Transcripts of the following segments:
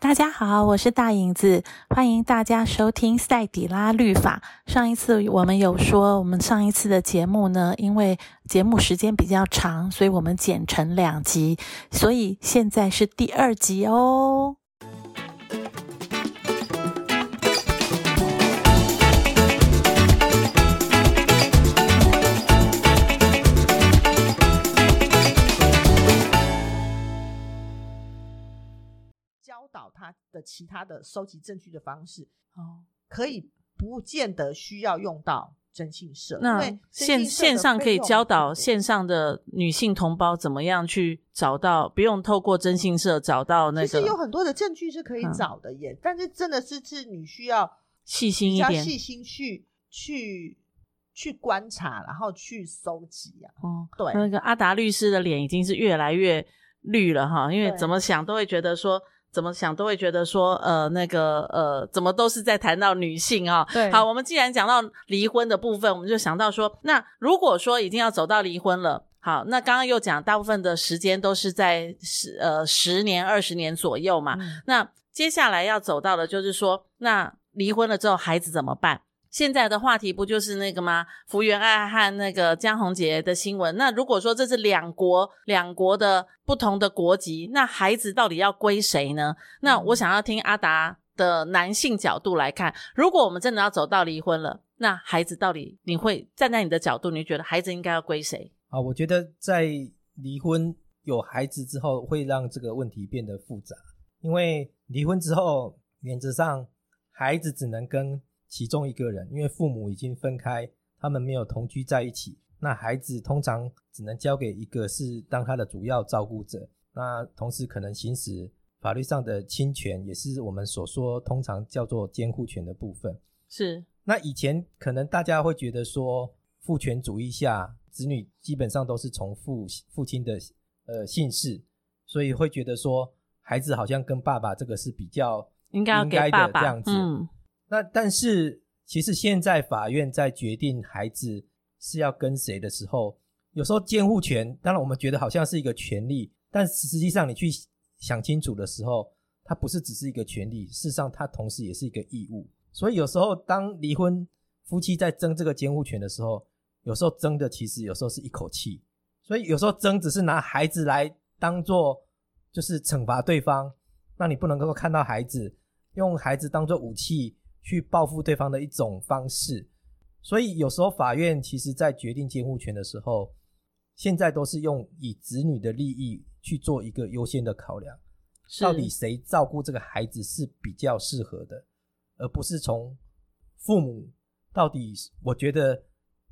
大家好，我是大影子，歡迎大家收聽《塞底拉律法》。上一次我們有說，我們上一次的節目呢，因為節目時間比較長，所以我們剪成兩集，所以現在是第二集哦。的其他的收集證據的方式哦，嗯、可以不見得需要用到徵信社，那線線上可以教導線上的女性同胞怎麼樣去找到，嗯、不用透過徵信社找到那個、嗯。其實有很多的證據是可以找的耶，嗯、但是真的是是你需要細心，心一點，細心去去去觀察，然後去搜集。啊。嗯、對，那個阿達律師的臉已經是越來越綠了哈，因為怎麼想都會覺得說。怎麼想都會覺得說，呃，那個，呃，怎麼都是在談到女性啊。對，好，我們既然講到離婚的部分，我們就想到說，那如果說已經要走到離婚了，好，那剛剛又講大部分的時間都是在十呃十年二十年左右嘛，嗯。那接下來要走到的就是說，那離婚了之後孩子怎麼辦？現在的話題不就是那個嗎？福原愛和那個江宏傑的新聞。那如果說這是兩國，兩國的不同的國籍，那孩子到底要歸誰呢？那我想要聽阿達的男性角度來看，如果我們真的要走到離婚了，那孩子到底你會站在你的角度，你覺得孩子應該要歸誰？啊，我覺得在離婚有孩子之後，會讓這個問題變得複雜，因為離婚之後，原則上孩子只能跟。其中一個人，因為父母已經分開，他們沒有同居在一起，那孩子通常只能交給一個是當他的主要照顧者。那同時可能行使法律上的親權，也是我們所說通常叫做監護權的部分。是。那以前可能大家會覺得說父權主義下，子女基本上都是從父父親的呃姓氏，所以會覺得說孩子好像跟爸爸這個是比較應該應該的這樣子。嗯那但是，其實現在法院在決定孩子是要跟誰的時候，有時候監護權，當然我們覺得好像是一個權利，但實際上你去想清楚的時候，它不是只是一個權利，事實上它同時也是一個義務。所以有時候當離婚夫妻在爭這個監護權的時候，有時候爭的其實有時候是一口氣，所以有時候爭只是拿孩子來當做就是懲罰對方，讓你不能夠看到孩子，用孩子當做武器。去報復對方的一種方式，所以有時候法院其實在決定監護權的時候，現在都是用以子女的利益去做一個優先的考量，是到底誰照顧這個孩子是比較適合的，而不是從父母到底，我覺得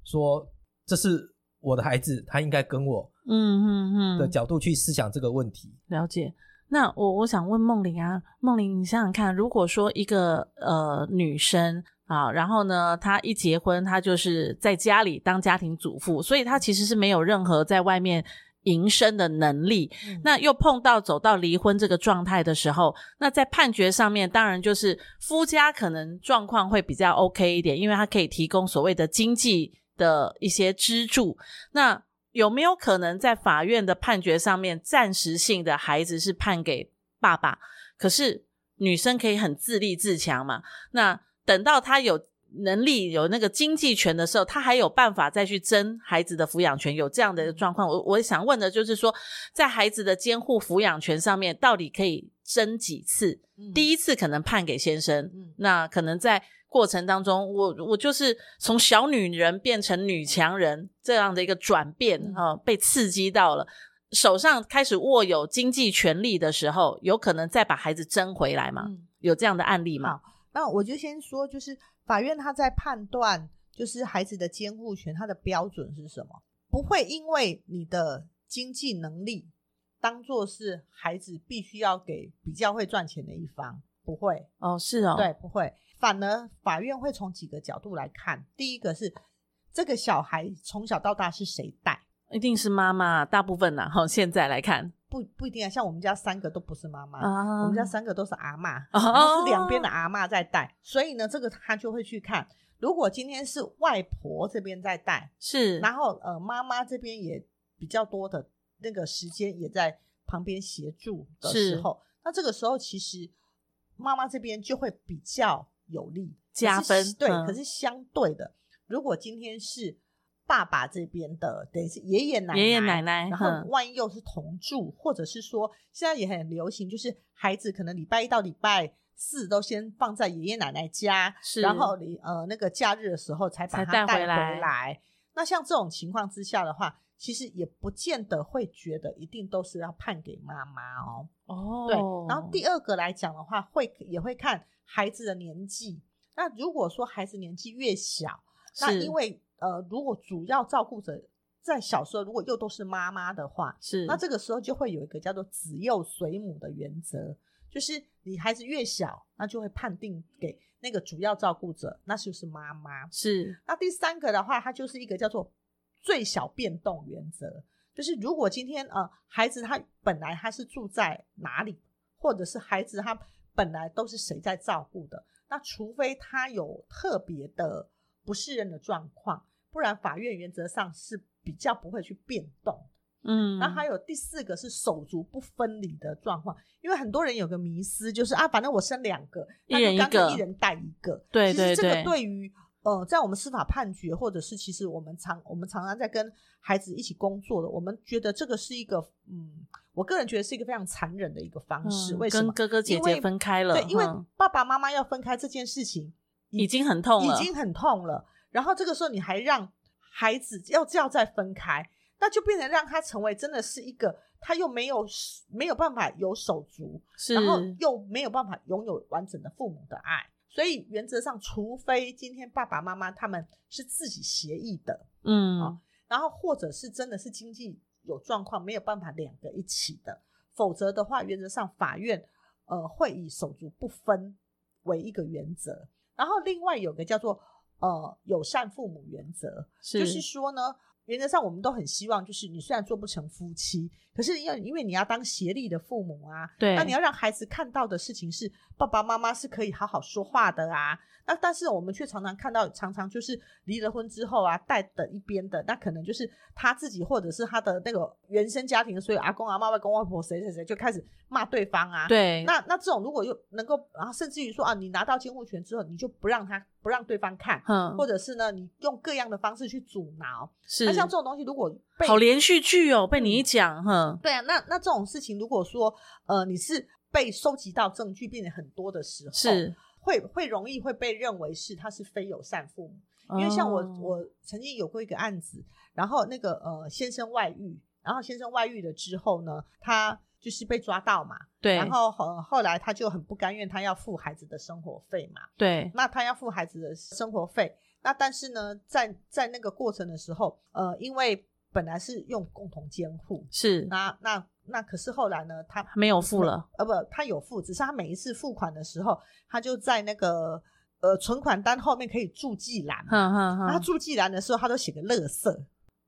說這是我的孩子，他應該跟我，嗯的角度去思想這個問題。嗯、哼哼。了解。那我我想問孟玲啊，孟玲，你想想看，如果說一個呃女生啊，然後呢，她一結婚，她就是在家裡當家庭主婦，所以她其實是沒有任何在外面營生的能力。嗯、那又碰到走到離婚這個狀態的時候，那在判決上面，當然就是夫家可能狀況會比較 OK 一點，因為她可以提供所謂的經濟的一些支柱。那有沒有可能在法院的判決上面，暫時性的孩子是判給爸爸，可是女生可以很自立自強嘛？那等到她有能力、有那個經濟權的時候，她還有辦法再去爭孩子的撫養權？有這樣的一個狀況，我我想問的就是說，在孩子的監護撫養權上面，到底可以爭幾次？嗯、第一次可能判給先生，那可能在。過程當中，我我就是從小女人變成女強人這樣的一個轉變啊、嗯哦，被刺激到了，手上開始握有經濟權利的時候，有可能再把孩子爭回來嘛？嗯、有這樣的案例嗎、嗯？那我就先說，就是法院他在判斷就是孩子的監護權，他的標準是什麼？不會因為你的經濟能力當做是孩子必須要給比較會賺錢的一方，不會哦，是哦，對，不會。反而法院會從幾個角度來看，第一個是這個小孩從小到大是誰帶，一定是媽媽大部分啦，好，現在來看，不不一定啊，像我們家三個都不是媽媽，哦、我們家三個都是阿嬤，都是兩邊的阿嬤在帶，哦、所以呢，這個他就會去看。如果今天是外婆這邊在帶，是，然後呃媽媽這邊也比較多的，那個時間也在旁邊協助的時候，是那這個時候其實媽媽這邊就會比較。有利加分，對，嗯、可是相對的，如果今天是爸爸這邊的，等於是爺爺奶奶，爺爺奶奶，然後萬一又是同住，嗯、或者是說現在也很流行，就是孩子可能禮拜一到禮拜四都先放在爺爺奶奶家，是然後你呃那個假日的時候才把他帶回來。那像這種情況之下的話，其實也不見得會覺得一定都是要判給媽媽哦。哦，oh. 對。然後第二個來講的話，會也會看孩子的年紀。那如果說孩子年紀越小，是那因為呃，如果主要照顧者在小時候，如果又都是媽媽的話，是，那這個時候就會有一個叫做“子幼隨母”的原則，就是你孩子越小，那就會判定給。那個主要照顧者，那就是媽媽。是。那第三個的話，它就是一個叫做最小變動原則，就是如果今天呃孩子他本來他是住在哪裡，或者是孩子他本來都是誰在照顧的，那除非他有特別的不適任的狀況，不然法院原則上是比較不會去變動。嗯，然後還有第四個是手足不分離的狀況，因為很多人有個迷思，就是啊，反正我生兩個，一人一個，一人帶一個。對對對。其實這個對於呃，在我們司法判決，或者是其實我們常我們常常在跟孩子一起工作的，我們覺得這個是一個嗯，我個人覺得是一個非常殘忍的一個方式。為什麼？哥哥姐姐分開了，對，因為爸爸媽媽要分開這件事情已經很痛，已經很痛了。然後這個時候你還讓孩子要再分開。那就變成讓他成為真的是一個，他又沒有沒有辦法有手足，是然後又沒有辦法擁有完整的父母的愛，所以原則上，除非今天爸爸媽媽他們是自己協議的，嗯、啊，然後或者是真的是經濟有狀況沒有辦法兩個一起的，否則的話原則上法院呃會以手足不分為一個原則，然後另外有個叫做呃友善父母原則，是就是說呢。原則上，我們都很希望，就是你雖然做不成夫妻，可是因為你要當協力的父母啊，對那你要讓孩子看到的事情是爸爸媽媽是可以好好說話的啊。那但是我們卻常常看到，常常就是離了婚之後啊，帶的一邊的，那可能就是他自己或者是他的那個原生家庭，所以阿公阿媽、外公外婆誰誰誰就開始罵對方啊。對，那那這種如果又能夠，然後、啊、甚至於說啊，你拿到監護權之後，你就不讓他。不讓對方看，或者是呢，你用各樣的方式去阻撓。是那、啊、像這種東西，如果被好連續劇哦，被你一講，嗯、呵對啊，那那這種事情，如果說呃，你是被收集到證據變得很多的時候，是會會容易會被認為是他是非友善父母。因為像我、哦、我曾經有過一個案子，然後那個呃先生外遇，然後先生外遇了之後呢，他。就是被抓到嘛，對。然後後、呃、後來他就很不甘願，他要付孩子的生活費嘛。對，那他要付孩子的生活費，那但是呢，在在那個過程的時候，呃，因為本來是用共同監護，是那那那，那那可是後來呢，他沒有付了，呃，不，他有付，只是他每一次付款的時候，他就在那個呃存款單後面可以注記欄，嗯嗯嗯、然後他注記欄的時候，他都寫個垃圾，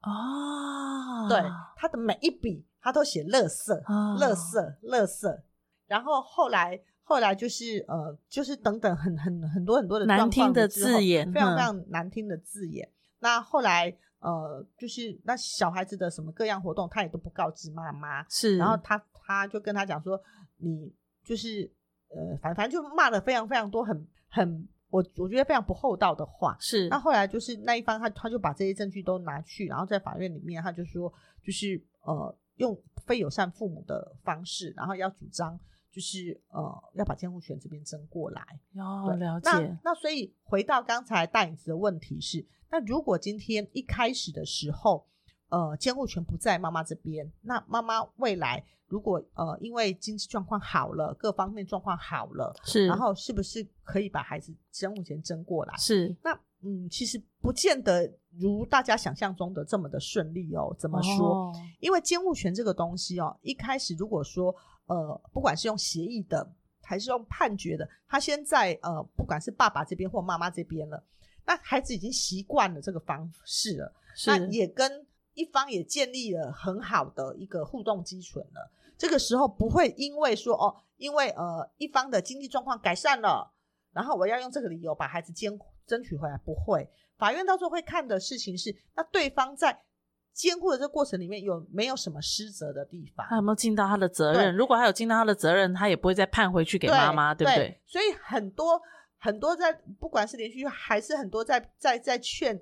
哦，對，他的每一筆。他都寫、哦“垃圾”、“垃圾”、“垃圾”，然後後來後來就是呃，就是等等很，很很很多很多的難聽的字眼，非常非常難聽的字眼。嗯、那後來呃，就是那小孩子的什麼各樣活動，他也都不告知媽媽。是，然後他他就跟他講說：“你就是呃，反反正就罵了非常非常多很很我我覺得非常不厚道的話。”是。那後來就是那一方，他他就把這些證據都拿去，然後在法院裡面，他就說：“就是呃。”用非友善父母的方式，然後要主張，就是呃，要把監護權這邊爭過來。哦，對了解。那那所以回到剛才大影子的問題是，那如果今天一開始的時候，呃，監護權不在媽媽這邊，那媽媽未來如果呃因為經濟狀況好了，各方面狀況好了，是，然後是不是可以把孩子監護權爭過來？是。那嗯，其實不見得。如大家想象中的這麼的順利哦？怎麼說？哦、因為監護權這個東西哦，一開始如果說呃，不管是用協議的還是用判決的，他現在呃，不管是爸爸這邊或媽媽這邊了，那孩子已經習慣了這個方式了，是那也跟一方也建立了很好的一個互動基礎了。這個時候不會因為說哦，因為呃一方的經濟狀況改善了，然後我要用這個理由把孩子監護。爭取回來不會，法院到時候會看的事情是，那對方在監護的這個過程裡面有沒有什麼失責的地方，他有沒有盡到他的責任？對如果他有盡到他的責任，他也不會再判回去給媽媽，對，對不對，對？所以很多很多在不管是連續還是很多在在在勸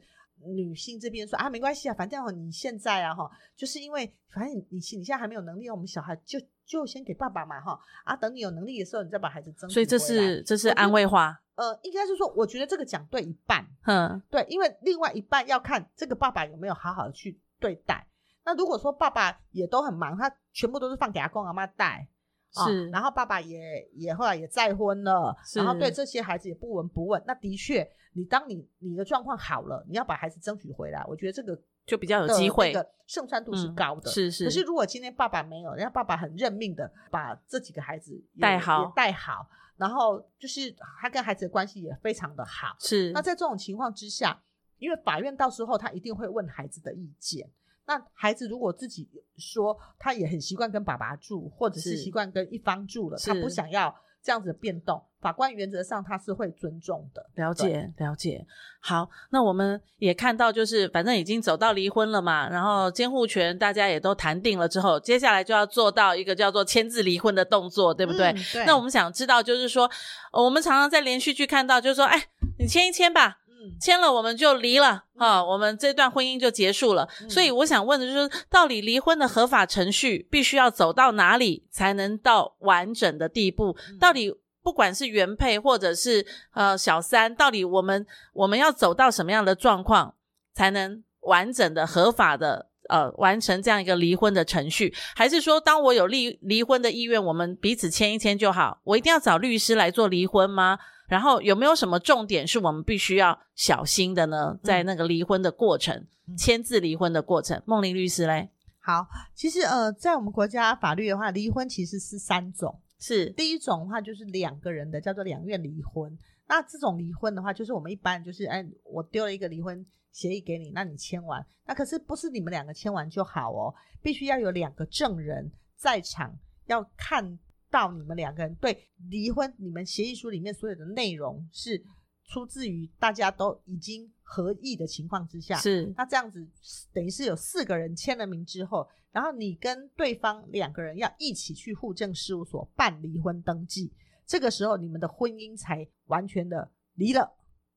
女性這邊說啊，沒關係啊，反正你現在啊哈，就是因為反正你你現在還沒有能力，我們小孩就就先給爸爸嘛哈啊，等你有能力的時候，你再把孩子爭。所以這是這是安慰話。呃，應該是說，我覺得這個講對一半，嗯、對，因為另外一半要看這個爸爸有沒有好好的去對待。那如果說爸爸也都很忙，他全部都是放給阿公阿嬤帶，哦、是，然後爸爸也也後來也再婚了，是然後對這些孩子也不聞不問，那的確。你當你你的狀況好了，你要把孩子爭取回來，我覺得這個就比較有機會。勝算度是高的，嗯、是是。可是如果今天爸爸沒有，人家爸爸很認命的把這幾個孩子帶好帶好，然後就是他跟孩子的關係也非常的好。是。那在這種情況之下，因為法院到時候他一定會問孩子的意見。那孩子如果自己說他也很習慣跟爸爸住，或者是習慣跟一方住了，他不想要。這樣子的變動，法官原則上他是會尊重的。了解，對了解。好，那我們也看到，就是反正已經走到離婚了嘛，然後監護權大家也都談定了之後，接下來就要做到一個叫做簽字離婚的動作，對不對？嗯、對。那我們想知道，就是說，我們常常在連續劇看到，就是說，哎、欸，你簽一簽吧。簽了我們就離了哈、嗯啊，我們這段婚姻就結束了。嗯、所以我想問的就是，到底離婚的合法程序必須要走到哪裡才能到完整的地步？嗯、到底不管是原配或者是呃小三，到底我們我們要走到什麼樣的狀況才能完整的合法的？呃，完成這樣一個離婚的程序，還是說，當我有離離婚的意願，我們彼此簽一簽就好？我一定要找律師來做離婚嗎？然後有沒有什麼重點是我們必須要小心的呢？在那個離婚的過程，嗯、簽字離婚的過程，孟玲、嗯、律師嘞？好，其實呃，在我們國家法律的話，離婚其實是三種，是第一種的話就是兩個人的叫做兩願離婚，那這種離婚的話，就是我們一般就是哎，我丟了一個離婚。協議給你，那你簽完，那可是不是你們兩個簽完就好哦？必須要有兩個證人在場，要看到你們兩個人對離婚，你們協議書裡面所有的內容是出自於大家都已經合意的情況之下。是，那這樣子等於是有四個人簽了名之後，然後你跟對方兩個人要一起去戶政事務所辦離婚登記，這個時候你們的婚姻才完全的離了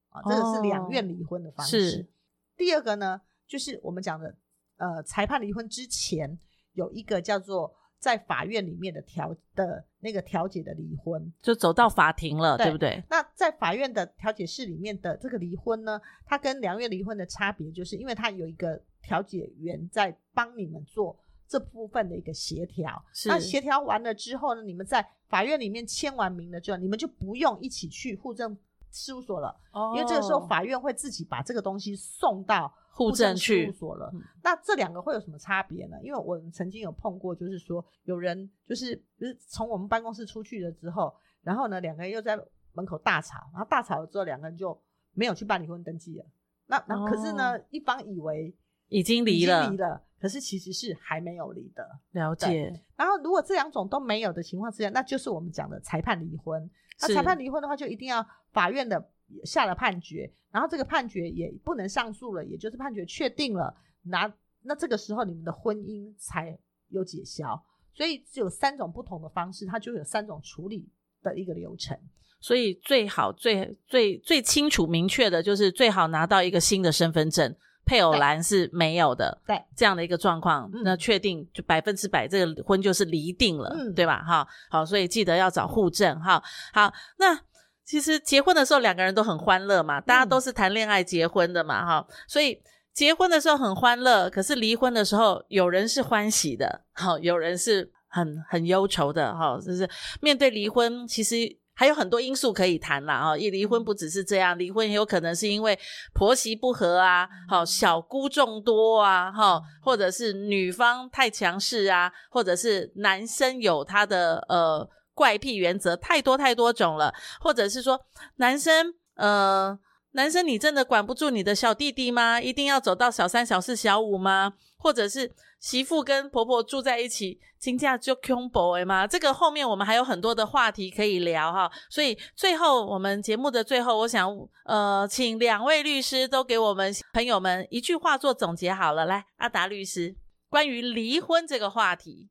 啊。這個是兩願離婚的方式。哦第二個呢，就是我們講的，呃，裁判離婚之前有一個叫做在法院裡面的調的那個調解的離婚，就走到法庭了，對，對不對？那在法院的調解室裡面的這個離婚呢，它跟兩願離婚的差別就是，因為它有一個調解員在幫你們做這部分的一個協調。是那協調完了之後呢，你們在法院裡面簽完名了之後，你們就不用一起去戶政。事務所了，因為這個時候法院會自己把這個東西送到戶政事務所了。哦嗯、那這兩個會有什麼差別呢？因為我曾經有碰過，就是說有人就是從我們辦公室出去了之後，然後呢兩個人又在門口大吵，然後大吵了之後兩個人就沒有去辦離婚登記了。那可是呢，哦、一方以為已經離了，離了，可是其實是還沒有離的。了解。然後如果這兩種都沒有的情況之下，那就是我們講的裁判離婚。那裁判離婚的話，就一定要法院的下了判決，然後這個判決也不能上訴了，也就是判決確定了拿，那那這個時候你們的婚姻才有解消，所以只有三種不同的方式，它就有三種處理的一個流程，所以最好最最最清楚明確的就是最好拿到一個新的身份證。配偶欄是沒有的，對，對這樣的一個狀況，那確定就百分之百這個婚就是離定了，嗯、對吧？哈，好，所以記得要找戶政，哈，好。那其實結婚的時候兩個人都很歡樂嘛，大家都是談戀愛結婚的嘛，哈、嗯哦，所以結婚的時候很歡樂，可是離婚的時候有人是歡喜的，哈、哦，有人是很很憂愁的，哈、哦，就是面對離婚，其實。還有很多因素可以談了啊！一離婚不只是這樣，離婚也有可能是因為婆媳不和啊，好小姑眾多啊，哈，或者是女方太強勢啊，或者是男生有他的呃怪癖原則，太多太多種了，或者是說男生嗯。呃男生，你真的管不住你的小弟弟嗎？一定要走到小三、小四、小五嗎？或者是媳婦跟婆婆住在一起，親家就恐怖哎嗎？這個後面我們還有很多的話題可以聊哈。所以最後，我們節目的最後，我想呃，請兩位律師都給我們朋友們一句話做總結好了。來，阿達律師，關於離婚這個話題，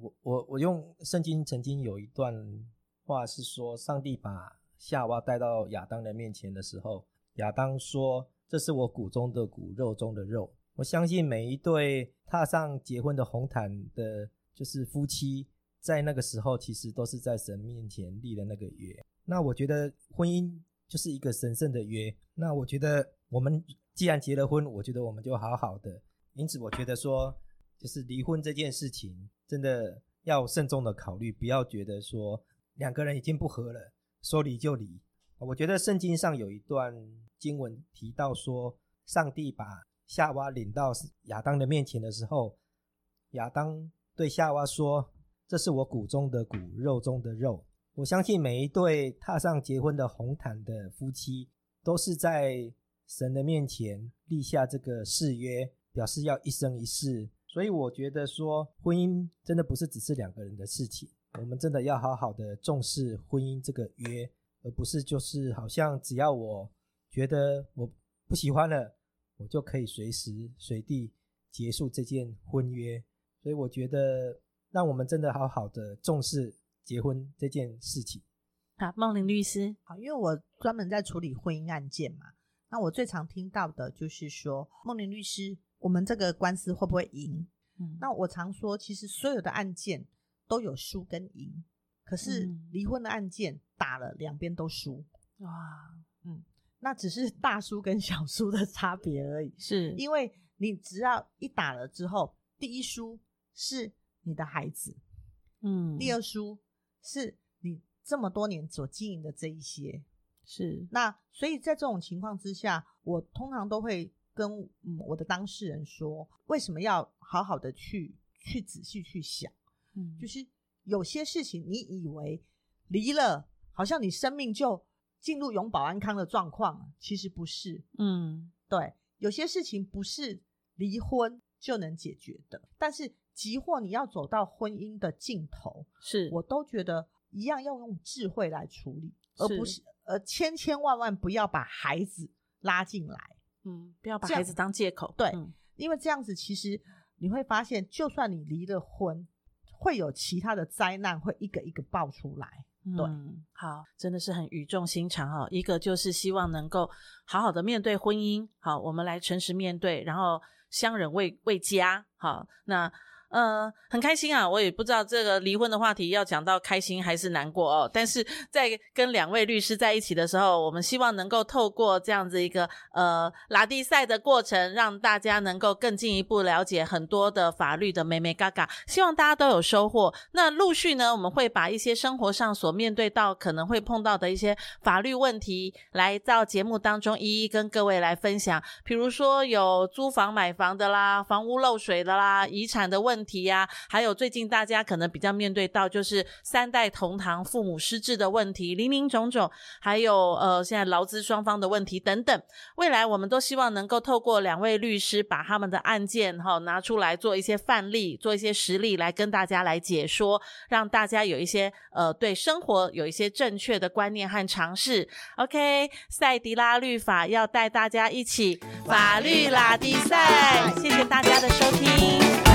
我我我用聖經曾經有一段話是說，上帝把夏娃帶到亞當的面前的時候。亞當說：“這是我骨中的骨，肉中的肉。”我相信每一對踏上結婚的紅毯的，就是夫妻，在那個時候其實都是在神面前立了那個約。那我覺得婚姻就是一個神聖的約。那我覺得我們既然結了婚，我覺得我們就好好的。因此，我覺得說，就是離婚這件事情，真的要慎重的考慮，不要覺得說兩個人已經不合了，說離就離。我覺得聖經上有一段。經文提到說，上帝把夏娃領到亞當的面前的時候，亞當對夏娃說：“這是我骨中的骨，肉中的肉。”我相信每一對踏上結婚的紅毯的夫妻，都是在神的面前立下這個誓約，表示要一生一世。所以我覺得說，婚姻真的不是只是兩個人的事情，我們真的要好好的重視婚姻這個約，而不是就是好像只要我。覺得我不喜歡了，我就可以隨時隨地結束這件婚約。所以我覺得，讓我們真的好好的重視結婚這件事情。好，孟玲律師。好，因為我專門在處理婚姻案件嘛，那我最常聽到的就是說，孟玲律師，我們這個官司會不會贏？嗯。那我常說，其實所有的案件都有輸跟贏，可是離婚的案件打了，兩邊都輸。哇，嗯。那只是大輸跟小輸的差別而已，是。因為你只要一打了之後，第一輸是你的孩子，嗯，第二輸是你這麼多年所經營的這一些，是。那所以在這種情況之下，我通常都會跟我的當事人說，為什麼要好好的去去仔細去想，嗯，就是有些事情你以為離了，好像你生命就進入永保安康的狀況，其實不是，嗯，對，有些事情不是離婚就能解決的，但是即或你要走到婚姻的盡頭，是，我都覺得一樣要用智慧來處理，是而不是，呃，千千萬萬不要把孩子拉進來，嗯，不要把孩子當借口，對，嗯、因為這樣子其實你會發現，就算你離了婚，會有其他的災難會一個一個爆出來。對嗯，好，真的是很語重心長哈、哦。一個就是希望能夠好好的面對婚姻，好，我們來誠實面對，然後相忍為為家，好，那。呃，很開心啊！我也不知道這個離婚的話題要講到開心還是難過哦。但是在跟兩位律師在一起的時候，我們希望能夠透過這樣子一個呃拉地賽的過程，讓大家能夠更進一步了解很多的法律的美美嘎嘎。希望大家都有收穫。那陸續呢，我們會把一些生活上所面對到可能會碰到的一些法律問題，來到節目當中一一跟各位來分享。比如說有租房買房的啦，房屋漏水的啦，遺產的問題。問題呀，還有最近大家可能比較面對到，就是三代同堂、父母失智的問題，林林總總，還有呃現在勞資雙方的問題等等。未來我們都希望能夠透過兩位律師把他們的案件哈、哦、拿出來做一些範例、做一些實例來跟大家來解說，讓大家有一些呃對生活有一些正確的觀念和常識。OK，賽迪拉律法要帶大家一起法律拉迪賽，謝謝大家的收聽。